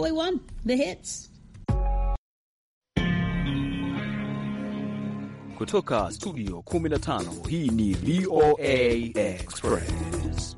We want the hits. Kutoka studio 15 hii ni VOA Express.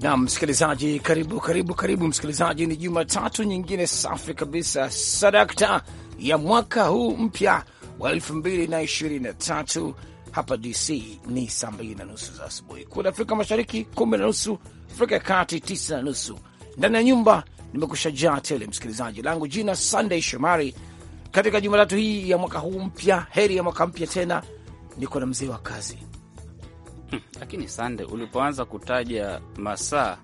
Na msikilizaji, karibu karibu karibu msikilizaji, ni Jumatatu nyingine safi kabisa, sadakta ya mwaka huu mpya wa 2023 hapa DC ni saa mbili na nusu za asubuhi, kule Afrika Mashariki kumi na nusu, Afrika ya Kati tisa na nusu. Ndani ya nyumba nimekusha jaa tele, msikilizaji langu jina Sunday Shomari. Katika Jumatatu hii ya mwaka huu mpya, heri ya mwaka mpya tena, niko na mzee wa kazi hmm. Lakini Sande, ulipoanza kutaja masaa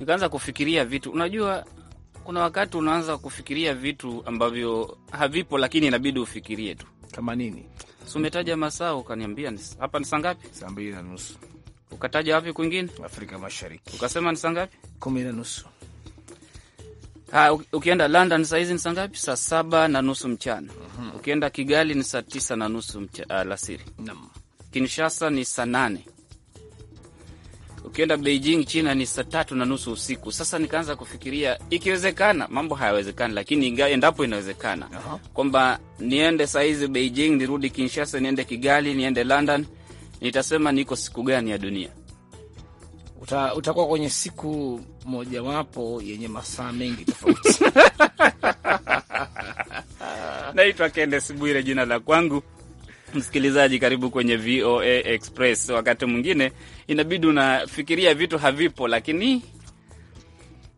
nikaanza kufikiria vitu, unajua kuna wakati unaanza kufikiria vitu ambavyo havipo, lakini inabidi ufikirie tu. Kama nini? Si umetaja masaa ukaniambia hapa ni saa ngapi? Saa mbili na nusu. Ukataja wapi kwingine? Afrika Mashariki. Ukasema ni saa ngapi? Kumi na nusu. Ha, ukienda London sahizi ni saa ngapi? Saa saba na nusu mchana. Mhm. Ukienda Kigali ni saa tisa na nusu alasiri. Naam. Kinshasa ni saa nane ukienda Beijing China ni saa tatu na nusu usiku. Sasa nikaanza kufikiria ikiwezekana, mambo hayawezekani, lakini endapo inawezekana uh -huh. kwamba niende sahizi Beijing nirudi Kinshasa, niende Kigali, niende London, nitasema niko siku gani ya dunia? Uta, utakuwa kwenye siku mojawapo yenye masaa mengi tofauti. Naitwa Kendes Bwire jina la kwangu. Msikilizaji, karibu kwenye VOA Express. Wakati mwingine inabidi unafikiria vitu havipo, lakini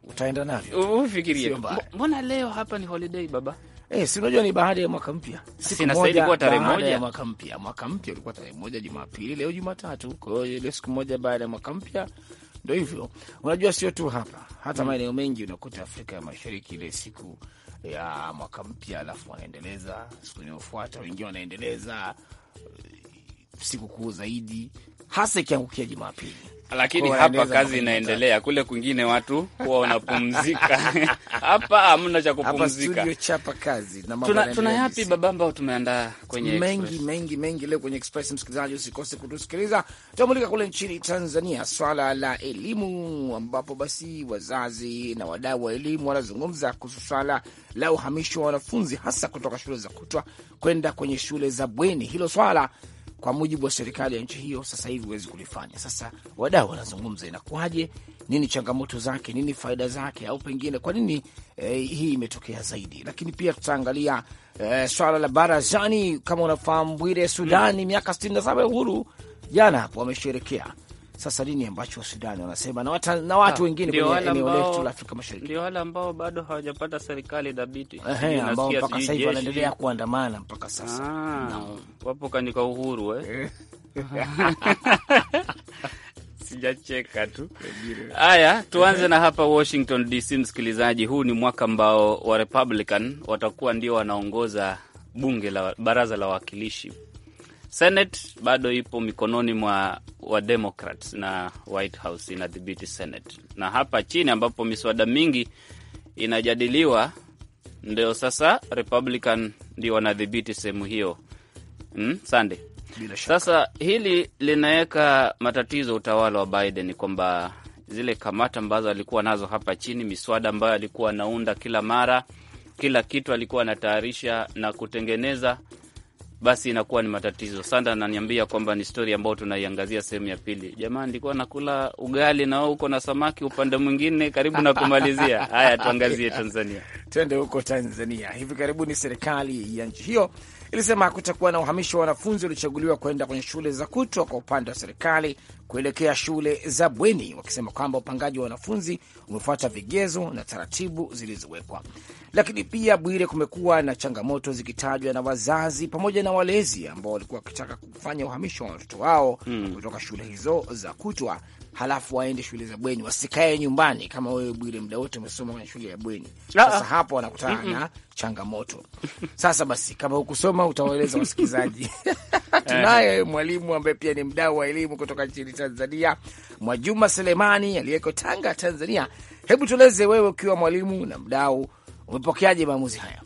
utaenda navyo, ufikirie. Mbona leo hapa ni holiday baba? Eh, si unajua ni baada ya mwaka mpya, inastahili kuwa tarehe moja ya mwaka mpya. Mwaka mpya ulikuwa tarehe moja Jumapili, leo Jumatatu. Kwa hiyo ile siku moja baada ya mwaka mpya ndio hivyo. Unajua sio tu hapa, hata mm, maeneo mengi unakuta Afrika ya Mashariki ile siku ya mwaka mpya, alafu wanaendeleza siku inayofuata, wengine wanaendeleza sikukuu zaidi, hasa ikiangukia Jumapili lakini kwa hapa kazi inaendelea, kule kwingine watu huwa wanapumzika hapa hamna cha kupumzika. Tuna yapi baba ambao tumeandaa kwenye mengi express. mengi mengi leo kwenye Express? Msikilizaji, usikose kutusikiliza. Tunamulika kule nchini Tanzania swala la elimu, ambapo basi wazazi na wadau wa elimu wanazungumza kuhusu swala la uhamisho wa wanafunzi hasa kutoka shule za kutwa kwenda kwenye shule za bweni. Hilo swala kwa mujibu wa serikali ya nchi hiyo, sasa hivi huwezi kulifanya. Sasa wadau wanazungumza, inakuwaje? Nini changamoto zake? Nini faida zake? Au pengine kwa nini eh, hii imetokea zaidi? Lakini pia tutaangalia eh, swala la barazani. Kama unafahamu Bwire, Sudani miaka sitini na saba ya uhuru, jana hapo wamesherekea sasa nini ambacho Wasudani wanasema na, wata, na watu ha, ah, wengine kwenye eneo letu la Afrika Mashariki, ndio wale ambao bado hawajapata serikali dhabiti, ambao mpaka sasa hivi wanaendelea kuandamana mpaka sasa ah, no. Wapo kanika uhuru eh? eh. Sijacheka tu. Haya, tuanze na hapa Washington DC, msikilizaji. Huu ni mwaka ambao wa Republican watakuwa ndio wanaongoza bunge la baraza la wawakilishi Senate bado ipo mikononi mwa wademokrat na White House inadhibiti Senate, na hapa chini ambapo miswada mingi inajadiliwa ndio sasa Republican ndio wanadhibiti sehemu hiyo hmm? Sande, sasa hili linaweka matatizo utawala wa Biden kwamba zile kamati ambazo alikuwa nazo hapa chini, miswada ambayo alikuwa anaunda kila mara, kila kitu alikuwa anatayarisha na kutengeneza basi inakuwa ni matatizo. Sanda ananiambia kwamba ni stori ambayo tunaiangazia sehemu ya pili. Jamaa, nilikuwa nakula ugali na uko na samaki upande mwingine, karibu na kumalizia. Haya, tuangazie Tanzania, twende huko Tanzania. Hivi karibuni serikali ya nchi hiyo ilisema hakutakuwa na uhamisho wa wanafunzi waliochaguliwa kwenda kwenye shule za kutwa kwa upande wa serikali kuelekea shule za bweni, wakisema kwamba upangaji wa wanafunzi umefuata vigezo na taratibu zilizowekwa. Lakini pia, Bwire, kumekuwa na changamoto zikitajwa na wazazi pamoja na walezi ambao walikuwa wakitaka kufanya uhamisho wa watoto wao mm, kutoka shule hizo za kutwa halafu waende shule za bweni, wasikae nyumbani kama wewe Bwire, muda wote umesoma kwenye shule ya bweni. Ah, ah. Sasa hapo wanakutana mm -mm. na changamoto. Sasa basi, kama hukusoma utawaeleza wasikilizaji. Tunaye mwalimu ambaye pia ni mdau wa elimu kutoka nchini Tanzania, Mwajuma Selemani aliyeko Tanga, Tanzania. Hebu tueleze wewe, ukiwa mwalimu na mdau, umepokeaje maamuzi haya?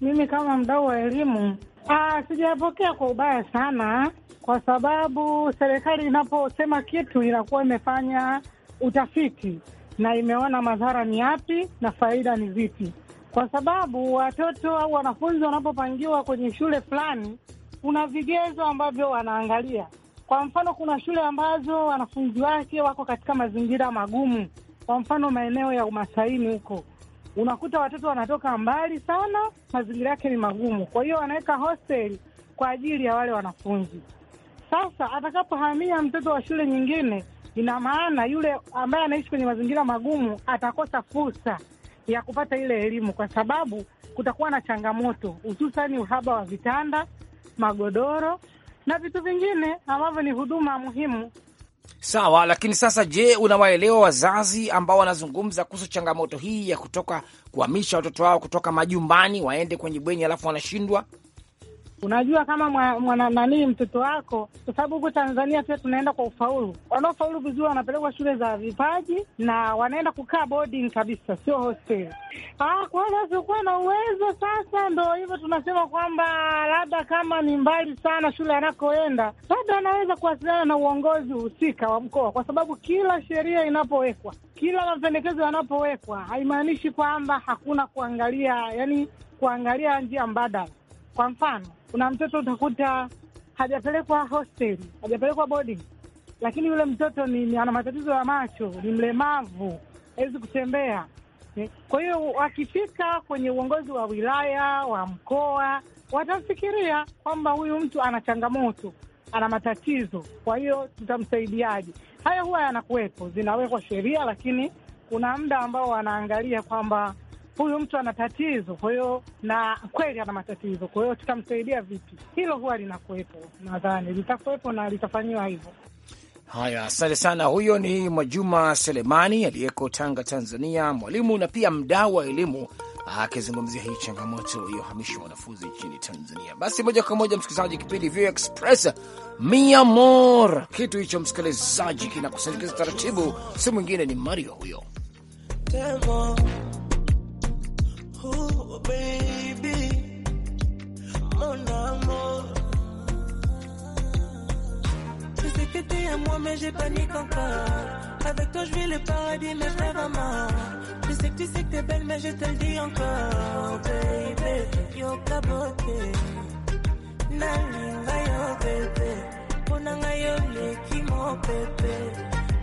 Mimi kama mdau wa elimu Ah, sijapokea kwa ubaya sana, kwa sababu serikali inaposema kitu inakuwa imefanya utafiti na imeona madhara ni yapi na faida ni zipi, kwa sababu watoto au wanafunzi wanapopangiwa kwenye shule fulani kuna vigezo ambavyo wanaangalia. Kwa mfano, kuna shule ambazo wanafunzi wake wako katika mazingira magumu, kwa mfano maeneo ya umasaini huko unakuta watoto wanatoka mbali sana, mazingira yake ni magumu, kwa hiyo wanaweka hosteli kwa ajili ya wale wanafunzi. Sasa atakapohamia mtoto wa shule nyingine, ina maana yule ambaye anaishi kwenye mazingira magumu atakosa fursa ya kupata ile elimu, kwa sababu kutakuwa na changamoto, hususani uhaba wa vitanda, magodoro na vitu vingine ambavyo ni huduma muhimu Sawa, lakini sasa, je, unawaelewa wazazi ambao wanazungumza kuhusu changamoto hii ya kutoka kuhamisha watoto wao kutoka majumbani waende kwenye bweni alafu wanashindwa? Unajua kama mwana nani mtoto wako, kwa sababu huko Tanzania pia tunaenda kwa ufaulu. Wanaofaulu vizuri wanapelekwa shule za vipaji na wanaenda kukaa boarding kabisa, sio hostel. Ah, kwa hiyo na uwezo sasa, ndo hivyo tunasema kwamba labda kama ni mbali sana shule anakoenda, labda anaweza kuwasiliana na uongozi husika wa mkoa, kwa sababu kila sheria inapowekwa, kila mapendekezo yanapowekwa, haimaanishi kwamba hakuna kuangalia, yani kuangalia njia mbadala. Kwa mfano kuna mtoto utakuta hajapelekwa hostel, hajapelekwa boarding, lakini yule mtoto ni, ni ana matatizo ya macho, ni mlemavu, hawezi kutembea. Kwa hiyo wakifika kwenye uongozi wa wilaya, wa mkoa, watafikiria kwamba huyu mtu ana changamoto, ana matatizo, kwa hiyo tutamsaidiaje? Haya huwa yanakuwepo, zinawekwa sheria, lakini kuna muda ambao wanaangalia kwamba huyu mtu ana tatizo, kwa hiyo na kweli ana matatizo, kwa hiyo tutamsaidia vipi? Hilo huwa linakuwepo, nadhani litakuwepo na litafanyiwa hivyo. Haya, asante sana. Huyo ni Mwajuma Selemani aliyeko Tanga, Tanzania, mwalimu na pia mdau wa elimu akizungumzia hii changamoto iliyohamishwa wanafunzi nchini Tanzania. Basi moja kwa moja, msikilizaji, kipindi Vio Express mia mor, kitu hicho msikilizaji kinakusindikiza taratibu, si mwingine ni Mario huyo baby, mon amour. Je sais que t'es à moi, mais j'ai panique encore. Avec toi, je vis le paradis, mais je rêve à Je sais que tu sais que t'es belle, mais je te le dis encore. Baby, yo kabote. va yo, bébé Ponanga yo, qui mon bébé.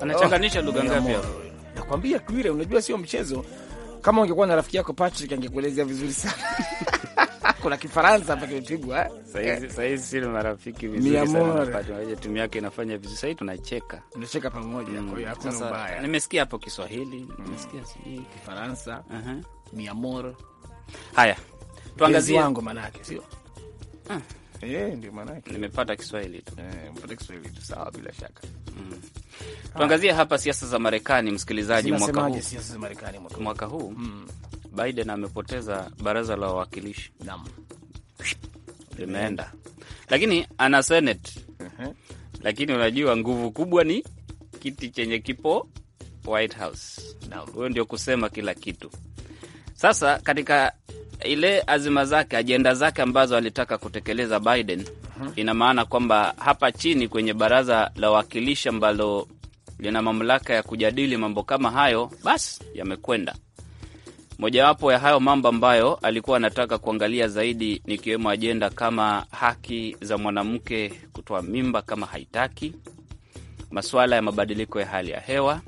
Anachanganisha lugha ngapi hapo? Nakwambia Kwire, unajua sio mchezo. Kama ungekuwa na rafiki yako Patrick angekuelezea vizuri sana kuna Kifaransa hapa kimepigwa eh? sahizi, eh. si marafiki vizuri timu yake inafanya vizuri sahii, tunacheka tunacheka pamoja. Mm. Kwa hiyo hakuna ubaya. Nimesikia hapo Kiswahili, nimesikia mm. sijui Kifaransa, uh -huh. miamor. Haya, tuangazie wangu, maanake sio Yeah, eh, nimepata Kiswahili tu nimepata Kiswahili tu. Sawa, bila shaka mm. Tuangazie hapa siasa za Marekani, msikilizaji, mwaka huu mwaka huu mm. Biden amepoteza baraza la wawakilishi, limeenda, lakini ana senate uh mhm. -huh. Lakini unajua nguvu kubwa ni kiti chenye kipo White House, huyo ndio kusema kila kitu. Sasa katika ile azima zake, ajenda zake ambazo alitaka kutekeleza Biden uh mhm. -huh. Ina maana kwamba hapa chini kwenye baraza la wawakilishi ambalo lina mamlaka ya kujadili mambo kama hayo, basi yamekwenda Mojawapo ya hayo mambo ambayo alikuwa anataka kuangalia zaidi ni ikiwemo ajenda kama haki za mwanamke kutoa mimba kama haitaki, masuala ya mabadiliko ya hali ya hewa,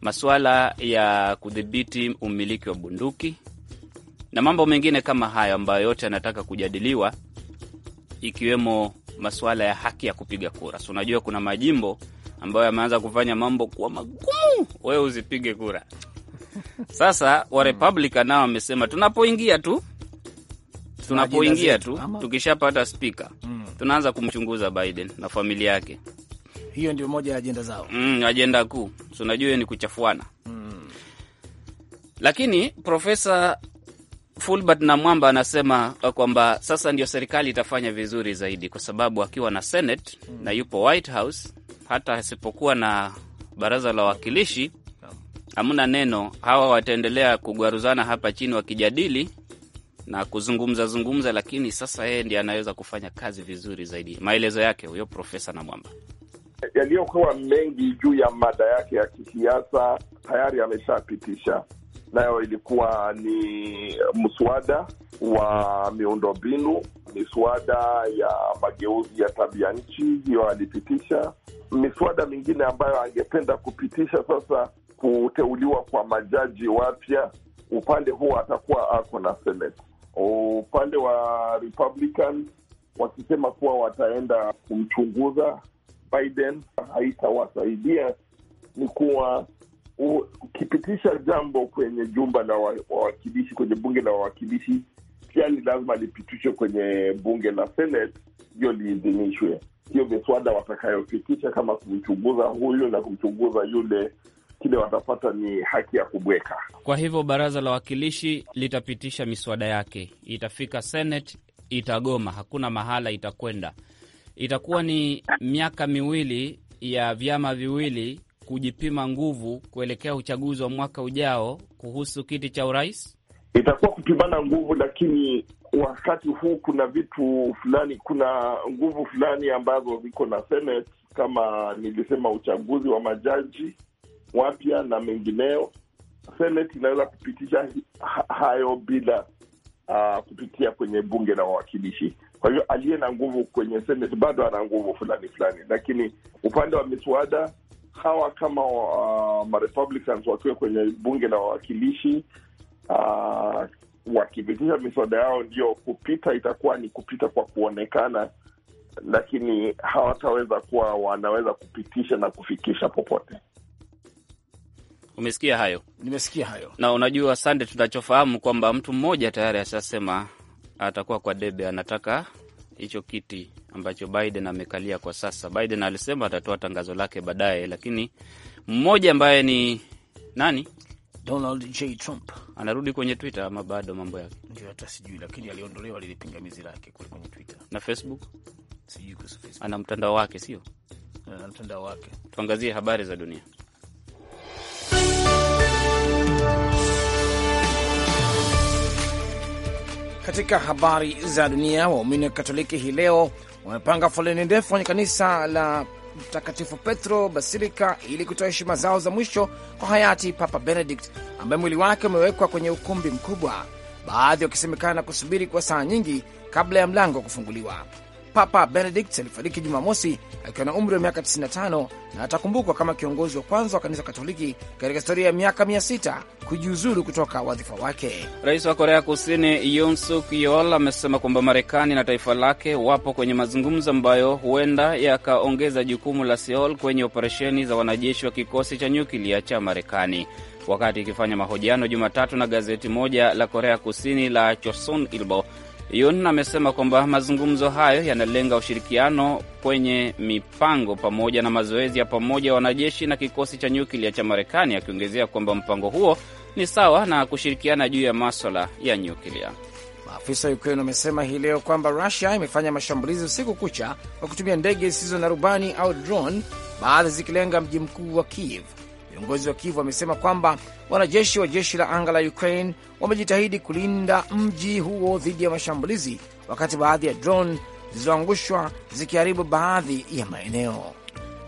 masuala ya kudhibiti umiliki wa bunduki na mambo mengine kama hayo ambayo yote anataka kujadiliwa, ikiwemo masuala ya haki ya kupiga kura. So, unajua kuna majimbo ambayo yameanza kufanya mambo kuwa magumu, wewe usipige kura sasa wa hmm. nao wamesema tunapoingia tu tunapoingia tu tukishapata spika mm, tunaanza kumchunguza Biden na familia yake. Hiyo ndio moja ya ajenda zao, mm, ajenda kuu. So unajua hiyo ni kuchafuana mm. Lakini Profesa Fulbert na Mwamba anasema kwamba sasa ndio serikali itafanya vizuri zaidi, kwa sababu akiwa na Senate mm, na yupo White House, hata asipokuwa na baraza la wawakilishi hamna neno. Hawa wataendelea kugwaruzana hapa chini wakijadili na kuzungumza zungumza, lakini sasa yeye ndiye anaweza kufanya kazi vizuri zaidi. Maelezo yake huyo Profesa Namwamba. Yaliyokuwa mengi juu ya mada yake ya kisiasa tayari ameshapitisha, nayo ilikuwa ni mswada wa miundombinu, miswada ya mageuzi ya tabia nchi, hiyo alipitisha. Miswada mingine ambayo angependa kupitisha sasa kuteuliwa kwa majaji wapya, upande huo atakuwa ako na senate. Upande wa Republican wakisema kuwa wataenda kumchunguza Biden, haitawasaidia ni kuwa ukipitisha jambo kwenye jumba la wawakilishi, kwenye bunge la wawakilishi, pia ni lazima lipitishwe kwenye bunge la Senate ndio liidhinishwe. Hiyo miswada watakayopitisha kama kumchunguza huyu na kumchunguza yule kile watapata ni haki ya kubweka. Kwa hivyo baraza la wawakilishi litapitisha miswada yake, itafika Senate itagoma, hakuna mahala itakwenda. Itakuwa ni miaka miwili ya vyama viwili kujipima nguvu kuelekea uchaguzi wa mwaka ujao kuhusu kiti cha urais. Itakuwa kupimana nguvu, lakini wakati huu kuna vitu fulani, kuna nguvu fulani ambazo ziko na Senate. Kama nilisema, uchaguzi wa majaji wapya na mengineo. Seneti inaweza kupitisha hayo bila uh, kupitia kwenye bunge la wawakilishi. Kwa hivyo aliye na nguvu kwenye seneti bado ana nguvu fulani fulani, lakini upande wa miswada hawa kama uh, marepublicans wakiwa kwenye bunge la wawakilishi uh, wakipitisha miswada yao, ndio kupita itakuwa ni kupita kwa kuonekana, lakini hawataweza kuwa wanaweza kupitisha na kufikisha popote. Umesikia hayo? Nimesikia hayo. Na unajua Sande, tunachofahamu kwamba mtu mmoja tayari ashasema atakuwa kwa debe, anataka hicho kiti ambacho Biden amekalia kwa sasa. Biden alisema atatoa tangazo lake baadaye, lakini mmoja ambaye ni nani, Donald J Trump anarudi kwenye Twitter ama bado mambo yake ndio, hata sijui, lakini aliondolewa lile pingamizi lake kule kwenye Twitter na Facebook, sijui kuhusu Facebook. Ana mtandao wake, sio ana mtandao wake. Tuangazie habari za dunia. Katika habari za dunia, waumini wa Katoliki hii leo wamepanga foleni ndefu kwenye kanisa la Mtakatifu Petro Basilika ili kutoa heshima zao za mwisho kwa hayati Papa Benedict ambaye mwili wake umewekwa kwenye ukumbi mkubwa, baadhi wakisemekana kusubiri kwa saa nyingi kabla ya mlango kufunguliwa. Papa Benedict alifariki Jumamosi akiwa na umri wa miaka 95 na atakumbukwa kama kiongozi wa kwanza wa kanisa Katoliki katika historia ya miaka 600 kujiuzulu kutoka wadhifa wake. Rais wa Korea Kusini Yoon Suk Yeol amesema kwamba Marekani na taifa lake wapo kwenye mazungumzo ambayo huenda yakaongeza jukumu la seol kwenye operesheni za wanajeshi wa kikosi cha nyuklia cha Marekani. Wakati ikifanya mahojiano Jumatatu na gazeti moja la Korea Kusini la Chosun Ilbo, Yun amesema kwamba mazungumzo hayo yanalenga ushirikiano kwenye mipango pamoja na mazoezi ya pamoja ya wanajeshi na kikosi cha nyuklia cha Marekani, akiongezea kwamba mpango huo ni sawa na kushirikiana juu ya maswala ya nyuklia. Maafisa wa Ukraine wamesema hii leo kwamba Rusia imefanya mashambulizi usiku kucha kwa kutumia ndege zisizo na rubani au drone, baadhi zikilenga mji mkuu wa Kiev Kiongozi wa Kivu amesema kwamba wanajeshi wa jeshi la anga la Ukraine wamejitahidi kulinda mji huo dhidi ya mashambulizi, wakati baadhi ya drone zilizoangushwa zikiharibu baadhi ya maeneo.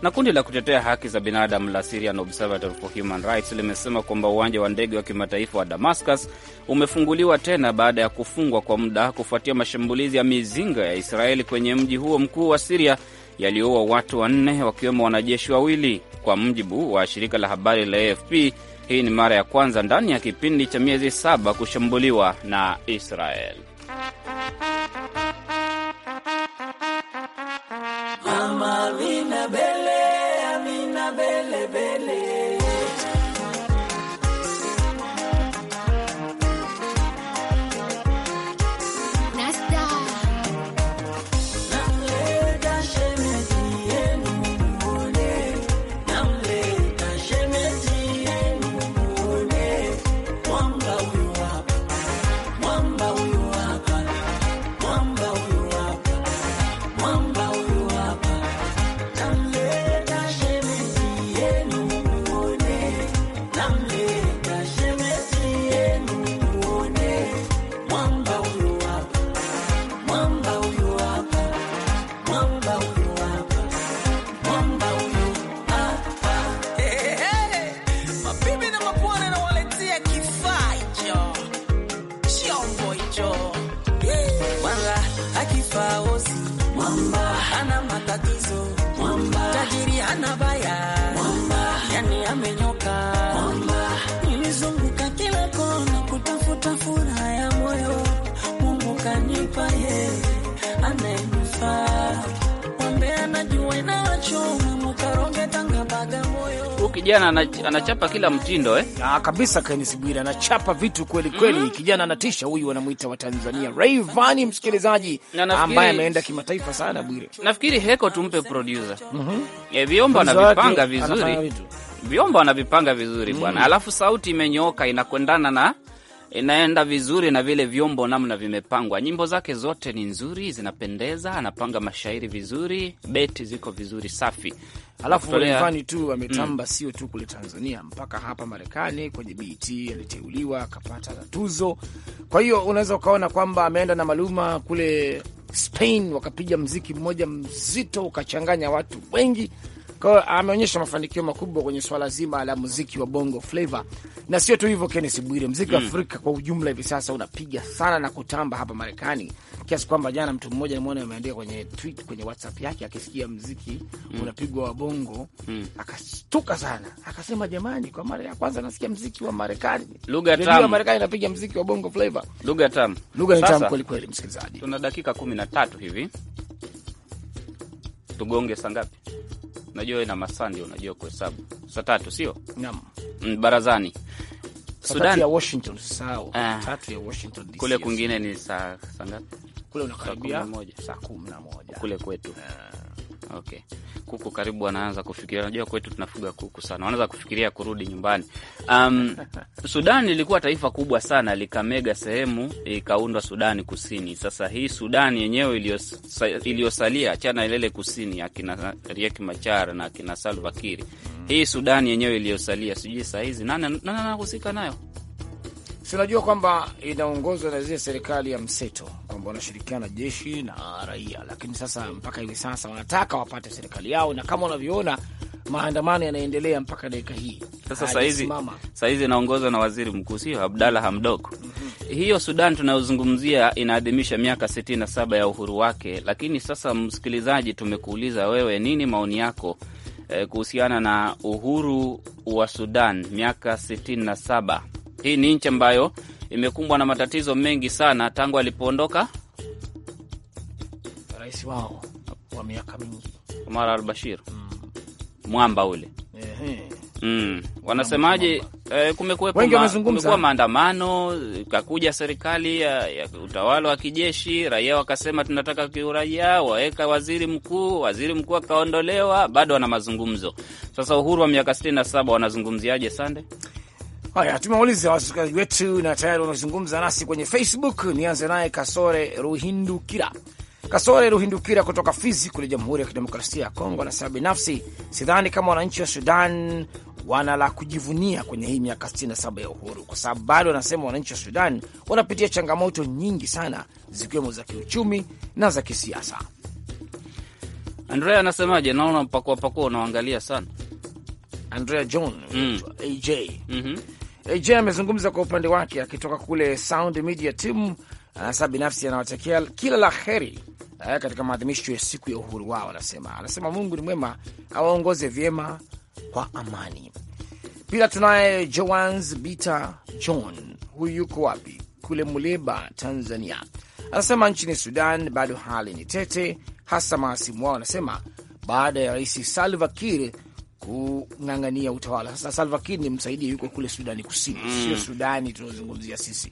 Na kundi la kutetea haki za binadamu la Syrian Observatory for Human Rights limesema kwamba uwanja wa ndege wa kimataifa wa Damascus umefunguliwa tena baada ya kufungwa kwa muda kufuatia mashambulizi ya mizinga ya Israeli kwenye mji huo mkuu wa Siria yaliyoua watu wanne wakiwemo wanajeshi wawili kwa mjibu wa shirika la habari la AFP. Hii ni mara ya kwanza ndani ya kipindi cha miezi saba kushambuliwa na Israel. Mama, Faosi Mwamba hana matatizo Mwamba tajiri ana baya Mwamba yani amenyoka Mwamba nilizunguka kila kona kutafuta furaha ya moyo Mungu kanipa yeye anayenifaa kijana anachapa kila mtindo eh? Ah, kabisa kanisibira anachapa vitu kweli kweli. Mm -hmm. Kijana anatisha huyu, wanamuita wa Tanzania Rayvanny, msikilizaji na ambaye ameenda kimataifa sana Bwire, Nafikiri heko tumpe producer. Mhm. Mm eh, vyombo anavipanga vizuri. Vyombo anavipanga vizuri bwana. Mm -hmm. Alafu sauti imenyooka inakwendana na inaenda vizuri na vile vyombo namna vimepangwa, nyimbo zake zote ni nzuri, zinapendeza, anapanga mashairi vizuri, beti ziko vizuri, safi. Alafu Rayvanny tu ametamba mm, sio tu kule Tanzania, mpaka hapa Marekani kwenye BET aliteuliwa akapata tuzo. Kwa hiyo unaweza ukaona kwamba ameenda na Maluma kule Spain, wakapiga mziki mmoja mzito ukachanganya watu wengi kwao ameonyesha mafanikio makubwa kwenye swala zima la muziki wa bongo flava, na sio tu hivyo, Kennes Bwire, muziki wa mm. Afrika kwa ujumla hivi sasa unapiga sana na kutamba hapa Marekani, kiasi kwamba jana mtu mmoja nimeona ameandika kwenye tweet kwenye WhatsApp yake akisikia muziki mm. unapigwa wa bongo mm. akastuka sana, akasema jamani, kwa mara ya kwanza nasikia muziki wa Marekani, lugha tamu ya Marekani inapiga muziki wa bongo flava, lugha tamu, lugha tamu kweli kweli. Msikilizaji, tuna dakika 13 hivi, tugonge sangapi? Unajua ina na masaa ndio unajua kuhesabu. Saa tatu sio? Mm, barazani. Sudan ya Washington eh. Tatu ya Washington DC. Kule kwingine ni saa ngapi? Kule unakaribia saa Kule kwetu. Eh. Okay. Kuku karibu wanaanza kufikiria, unajua kwetu tunafuga kuku sana, wanaanza kufikiria kurudi nyumbani. Um, Sudan ilikuwa taifa kubwa sana likamega sehemu ikaundwa Sudani Kusini. Sasa hii Sudani yenyewe iliyosalia, achana ilele kusini akina Riek Machar na akina Salva Kiir, mm. hii Sudani yenyewe iliyosalia, sijui saa hizi nani anahusika nayo? si unajua kwamba inaongozwa na zile serikali ya mseto kwamba wanashirikiana na jeshi na raia, lakini sasa mpaka hivi sasa wanataka wapate serikali yao, na kama unavyoona maandamano yanaendelea mpaka dakika hii. Sasa sahizi inaongozwa na waziri mkuu, sio Abdalla Hamdok. mm -hmm. Hiyo Sudan tunayozungumzia inaadhimisha miaka 67 ya uhuru wake, lakini sasa, msikilizaji, tumekuuliza wewe, nini maoni yako eh, kuhusiana na uhuru wa Sudan miaka 67 hii ni nchi ambayo imekumbwa na matatizo mengi sana tangu alipoondoka rais wao wa miaka mingi Omar al-Bashir mm. mwamba ule Mm. Wanasemaje? E, kumekuwa maandamano, kakuja serikali ya, ya utawala wa kijeshi, raia wakasema tunataka kiuraia, waweka waziri mkuu, waziri mkuu akaondolewa, bado wana mazungumzo. Sasa uhuru wa miaka 67 wanazungumziaje? Sande Haya, tumeuliza wasikilizaji wetu na tayari wamezungumza nasi kwenye Facebook. Nianze naye Kasore Ruhindukira. Kasore Ruhindukira kutoka Fizi kule Jamhuri ya Kidemokrasia ya Kongo anasema binafsi sidhani kama wananchi wa Sudan wana la kujivunia kwenye hii miaka 67 ya uhuru, kwa sababu bado wanasema wananchi wa Sudan wanapitia changamoto nyingi sana, zikiwemo za kiuchumi na za kisiasa. Andrea anasemaje? Naona mpakua unaangalia sana Andrea John mm. AJ mm -hmm. Eh, AJ amezungumza kwa upande wake akitoka kule Sound Media Team. Anasema eh, binafsi anawatakia kila la heri eh, katika maadhimisho ya siku ya uhuru wao. Anasema anasema Mungu ni mwema, awaongoze vyema kwa amani. Pia tunaye Joans Bita John, huyu yuko wapi? Kule Muleba, Tanzania. Anasema nchini Sudan bado hali ni tete, hasa maasimu wao anasema baada ya Rais Salva Kiir kung'ang'ania utawala. Sasa Salva Kiir ni msaidia, yuko kule Sudani Kusini mm. Sio Sudani tunazungumzia sisi,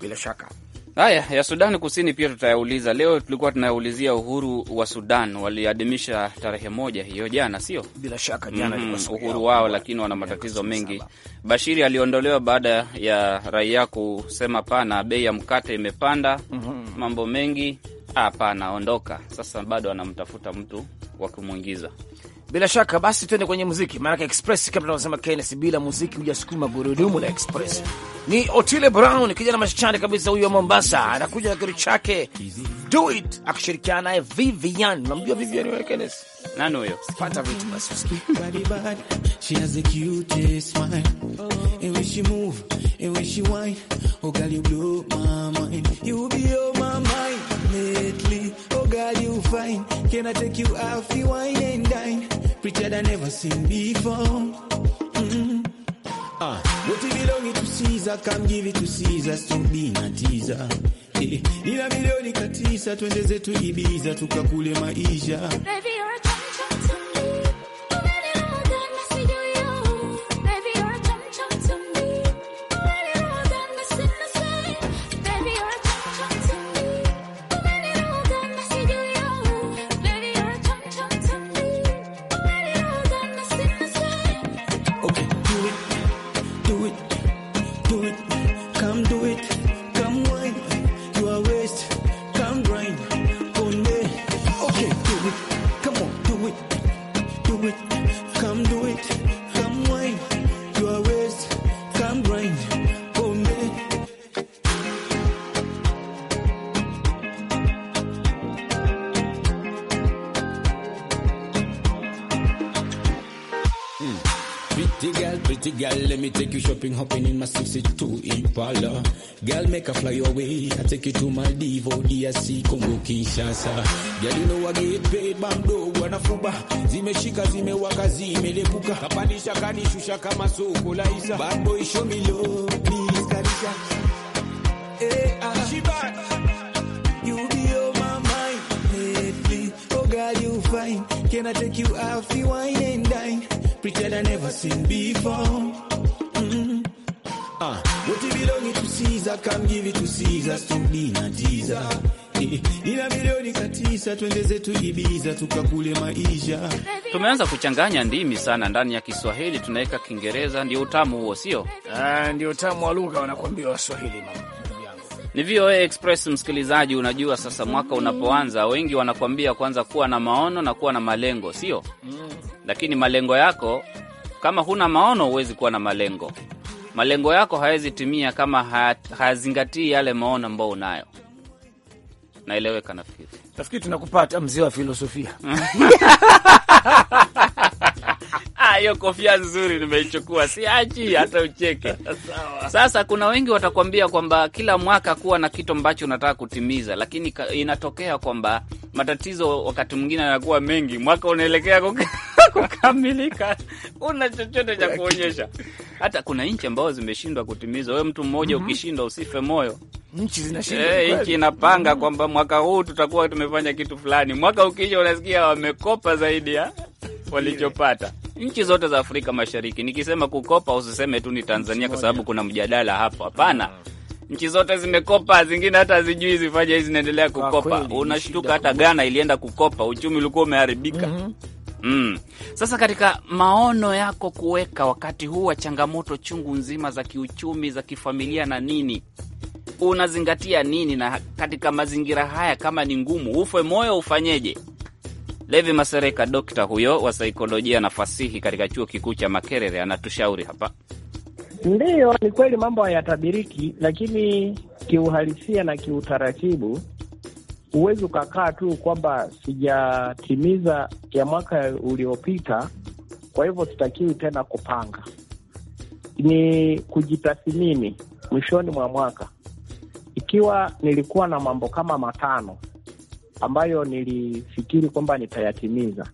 bila shaka haya ya Sudani Kusini pia tutayauliza leo. Tulikuwa tunayaulizia uhuru wa Sudan, waliadhimisha tarehe moja hiyo jana, sio bila shaka jana mm -hmm, uhuru wao, lakini wana matatizo mengi. Bashiri aliondolewa baada ya raia kusema pana, bei ya mkate imepanda mm -hmm, mambo mengi hapana, ondoka. Sasa bado anamtafuta mtu wa kumwingiza bila shaka basi tuende kwenye muziki, maanake Express kama tunavyosema Kennes, bila muziki hujasukuma gurudumu la Express. Ni Otile Brown, kijana mashichani kabisa huyu wa Mombasa, anakuja na kitu chake do it, akishirikiana naye Vivian. Unamjua Vivian wewe Kennes? Nani huyo? Pata vitu basi Girl, you fine. Can I take you out for wine and dine? Preacher that never seen before. Mm -hmm. Uh, what you belong to Caesar, come give it to Caesar, stumbi na tiza. Hey, ila milioni katisa, twende zetu Ibiza, tukakule maisha. Baby, you're a do it. hopping in my 62 Impala. Girl, make a fly away. I take you to my Maldives, oh, DRC, Congo, Kinshasa. Girl, you know I get paid, fuba. Zime bando, zime Zimeshika, zimewaka, zimelepuka. Kapandisha, kanishusha kama soko la Isa. Bad boy, show me love, please, kanisha. Hey, eh, ah. She bad. You be on my mind, lately. Oh, girl, you fine. Can I take you out, you wine and dine? Pretend I never seen before bilioni to Caesar, come give it to Caesar, stop katisa, twende zetu Ibiza tukakule maisha. Tumeanza kuchanganya ndimi sana ndani ya Kiswahili, tunaweka Kiingereza, ndio utamu huo, sio? Ah, ndio utamu wa lugha wanakuambia Waswahili mama. Ni VOA Express msikilizaji, unajua sasa mwaka unapoanza, wengi wanakuambia kwanza kuwa na maono na kuwa na malengo, sio? Mm. Lakini malengo yako kama huna maono, huwezi kuwa na malengo malengo yako hawezi timia kama hayazingatii yale maono ambayo unayo. Naeleweka nafikiri, nafikiri tunakupata mzee wa filosofia. Ah, hiyo kofia nzuri nimeichukua, siachi hata ucheke. Sasa kuna wengi watakwambia kwamba kila mwaka kuwa na kitu ambacho unataka kutimiza, lakini inatokea kwamba matatizo wakati mwingine yanakuwa mengi, mwaka unaelekea kukamilika, una chochote cha kuonyesha hata kuna nchi ambazo zimeshindwa kutimiza. Wewe mtu mmoja mm -hmm. ukishindwa usife moyo, nchi zinashinda. hey, eh, nchi inapanga mm -hmm. kwamba mwaka huu tutakuwa tumefanya kitu fulani, mwaka ukisha unasikia wamekopa zaidi ya walichopata. Nchi zote za Afrika Mashariki, nikisema kukopa usiseme tu ni Tanzania, kwa sababu kuna mjadala hapo. Hapana, mm. nchi zote zimekopa, zingine hata hazijui zifanye, hizi zinaendelea kukopa. Unashtuka, hata Ghana ilienda kukopa, uchumi ulikuwa umeharibika. mm -hmm. Mm. Sasa katika maono yako kuweka wakati huu wa changamoto chungu nzima za kiuchumi, za kifamilia na nini, unazingatia nini? Na katika mazingira haya kama ni ngumu, ufe moyo, ufanyeje? Levi Masereka, dokta huyo wa saikolojia na fasihi katika chuo kikuu cha Makerere, anatushauri hapa. Ndiyo, ni kweli mambo hayatabiriki, lakini kiuhalisia na kiutaratibu huwezi ukakaa tu kwamba sijatimiza ya mwaka uliopita. Kwa hivyo sitakiwi tena kupanga, ni kujitathimini mwishoni mwa mwaka. Ikiwa nilikuwa na mambo kama matano ambayo nilifikiri kwamba nitayatimiza,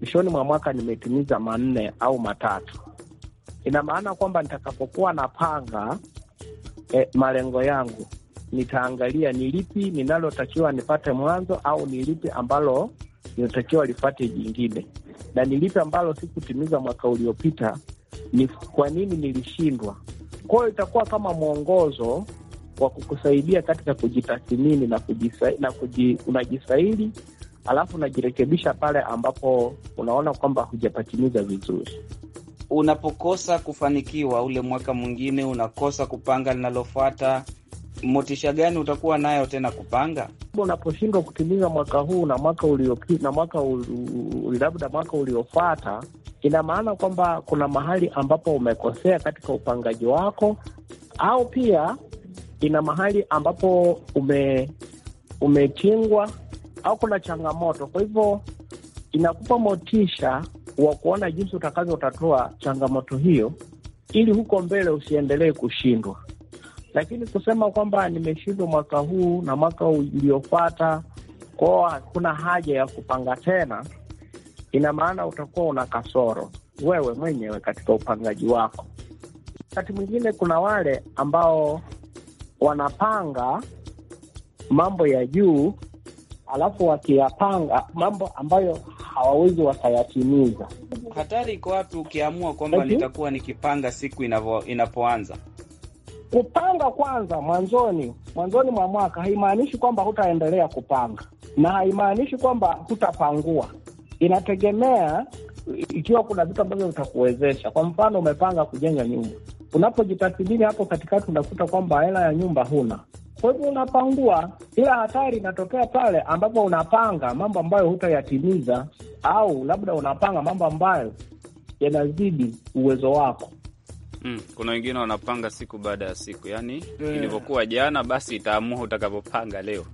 mwishoni mwa mwaka nimetimiza manne au matatu, ina maana kwamba nitakapokuwa napanga eh, malengo yangu nitaangalia ni lipi ninalotakiwa nipate mwanzo au ni lipi ambalo inatakiwa lifate jingine, na lipi ambalo sikutimiza mwaka uliopita, ni kwa nini nilishindwa. Kwa hiyo itakuwa kama mwongozo wa kukusaidia katika kujitathmini na, kujisa, na kuji, unajistahili alafu unajirekebisha pale ambapo unaona kwamba hujapatimiza vizuri. Unapokosa kufanikiwa ule mwaka mwingine, unakosa kupanga linalofuata motisha gani utakuwa nayo tena kupanga? Unaposhindwa kutimiza mwaka huu na mwaka uliopita na mwaka labda mwaka uliofata, ina maana kwamba kuna mahali ambapo umekosea katika upangaji wako, au pia ina mahali ambapo ume umetingwa au kuna changamoto. Kwa hivyo inakupa motisha wa kuona jinsi utatoa changamoto hiyo, ili huko mbele usiendelee kushindwa. Lakini kusema kwamba nimeshindwa mwaka huu na mwaka uliofuata, kwa hakuna haja ya kupanga tena, ina maana utakuwa una kasoro wewe mwenyewe katika upangaji wako. Wakati mwingine kuna wale ambao wanapanga mambo ya juu alafu wakiyapanga mambo ambayo hawawezi wakayatimiza. Hatari iko wapi ukiamua kwamba nitakuwa nikipanga siku inapo, inapoanza Kupanga kwanza mwanzoni mwanzoni mwa mwaka haimaanishi kwamba hutaendelea kupanga na haimaanishi kwamba hutapangua. Inategemea ikiwa kuna vitu ambavyo vitakuwezesha. Kwa mfano, umepanga kujenga nyumba, unapojitathmini hapo katikati unakuta kwamba hela ya nyumba huna, kwa hivyo unapangua. Ila hatari inatokea pale ambapo unapanga mambo ambayo hutayatimiza, au labda unapanga mambo ambayo yanazidi uwezo wako. Mm, kuna wengine wanapanga siku baada ya siku, yaani yeah, ilivyokuwa jana basi itaamua utakapopanga leo.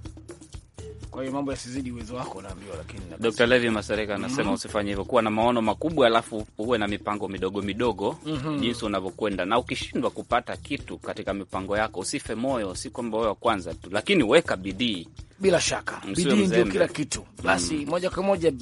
Kwa hiyo mambo yasizidi uwezo wako, naambiwa. Lakini Dr. Levi Masareka mm-hmm. anasema mm, usifanye hivyo, kuwa na maono makubwa, alafu uwe na mipango midogo midogo mm -hmm, jinsi unavyokwenda, na ukishindwa kupata kitu katika mipango yako usife moyo, si kwamba wewe wa kwanza tu, lakini weka bidii. Bila shaka bidii ndio kila kitu. Basi mm, moja kwa moja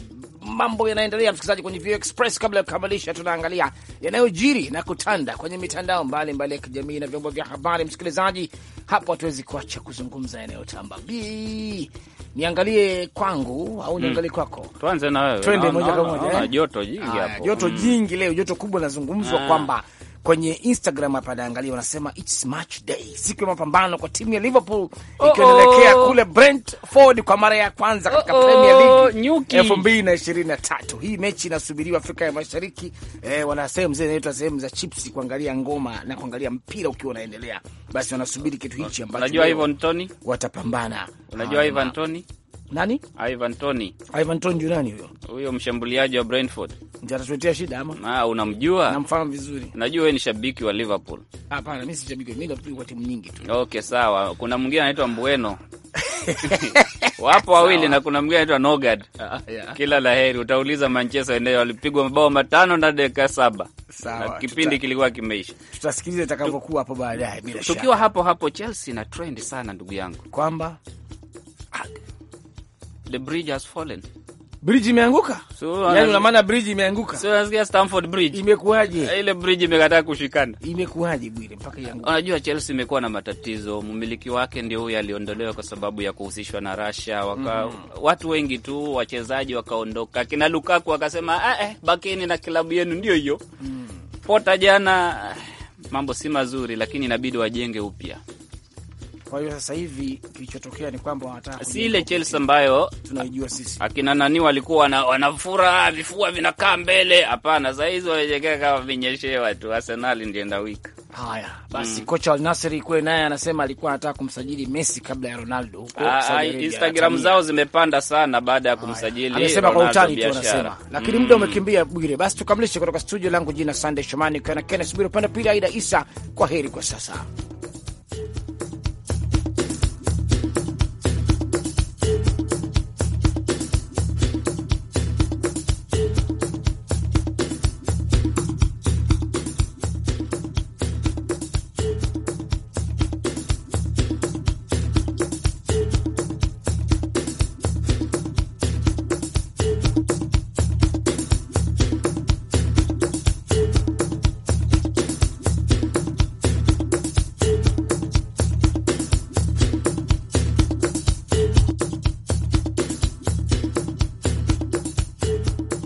mambo yanaendelea, msikilizaji, kwenye Vio Express. Kabla ya kukamilisha, tunaangalia yanayojiri na kutanda kwenye mitandao mbalimbali ya kijamii na vyombo vya habari. Msikilizaji, hapo hatuwezi kuacha kuzungumza yanayotamba. Bi, niangalie kwangu au hmm. niangalie kwako? Tuanze na wewe, twende moja kwa moja. Eh? Joto jingi ah, hapo, joto hmm. jingi leo, joto kubwa linazungumzwa ah. kwamba kwenye Instagram hapa anaangalia, wanasema it's match day, siku ya mapambano kwa timu ya Liverpool ikielekea oh, kule Brentford kwa mara ya kwanza katika oh, Premier League elfu mbili na ishirini na tatu. Hii mechi inasubiriwa Afrika ya Mashariki eh, wana sehemu zile sehemu za chipsi, kuangalia ngoma na kuangalia mpira ukiwa unaendelea, basi wanasubiri kitu hichi ambacho unajua Ivan Tony watapambana, unajua Ivan Tony nani? Ivan Tony. Ivan Tony ndio nani huyo? Huyo mshambuliaji wa Brentford. Ndio atatuletea shida ama? Ah, unamjua? Namfahamu vizuri. Najua wewe ni shabiki wa Liverpool. Hapana, mimi si shabiki, mimi napiga kwa timu nyingi tu. Okay, sawa. Kuna mwingine anaitwa Mbueno. Wapo wawili na kuna mwingine anaitwa Nogard. Ah, yeah. Kila laheri utauliza Manchester eneo walipigwa mabao matano na dakika saba. Sawa. Na kipindi tuta, kilikuwa kimeisha. Tutasikiliza itakavyokuwa hapo baadaye bila shaka. Tukiwa hapo hapo Chelsea na trend sana ndugu yangu. Kwamba The bridge has fallen. Bridge imeanguka? So, yani una maana bridge imeanguka. So nasikia Stamford Bridge. Imekuaje? Ah, ile bridge imekataa kushikana. Imekuaje Bwire mpaka ianguke? Unajua Chelsea imekuwa na matatizo. Mmiliki wake ndio huyo aliondolewa kwa sababu ya kuhusishwa na Russia. Waka, mm. Watu wengi tu wachezaji wakaondoka. Kina Lukaku akasema, "Ah eh, bakeni na klabu yenu ndio hiyo." Mm. Pota jana ah, mambo si mazuri lakini inabidi wajenge upya. Kwa hiyo sasa hivi kilichotokea ni kwamba wanataka si ile Chelsea ambayo tunaijua sisi, akina nani walikuwa wanafura vifua vinakaa mbele. Hapana, sasa hizi wanajekea kama vinyeshewa tu. Arsenal ndio enda wika. Haya basi, mm. Kocha Al Nassr kweli naye anasema alikuwa anataka kumsajili Messi kabla ya Ronaldo. huko. Ah, ah, Instagram zao zimepanda sana baada ya kumsajili, anasema kwa utani tu, anasema lakini mm. muda mm. umekimbia Bwire. Basi tukamilishe kutoka studio langu, jina Sunday Shomani, na Kenneth Bwire, upande pili Aida Isa. Kwa heri kwa sasa.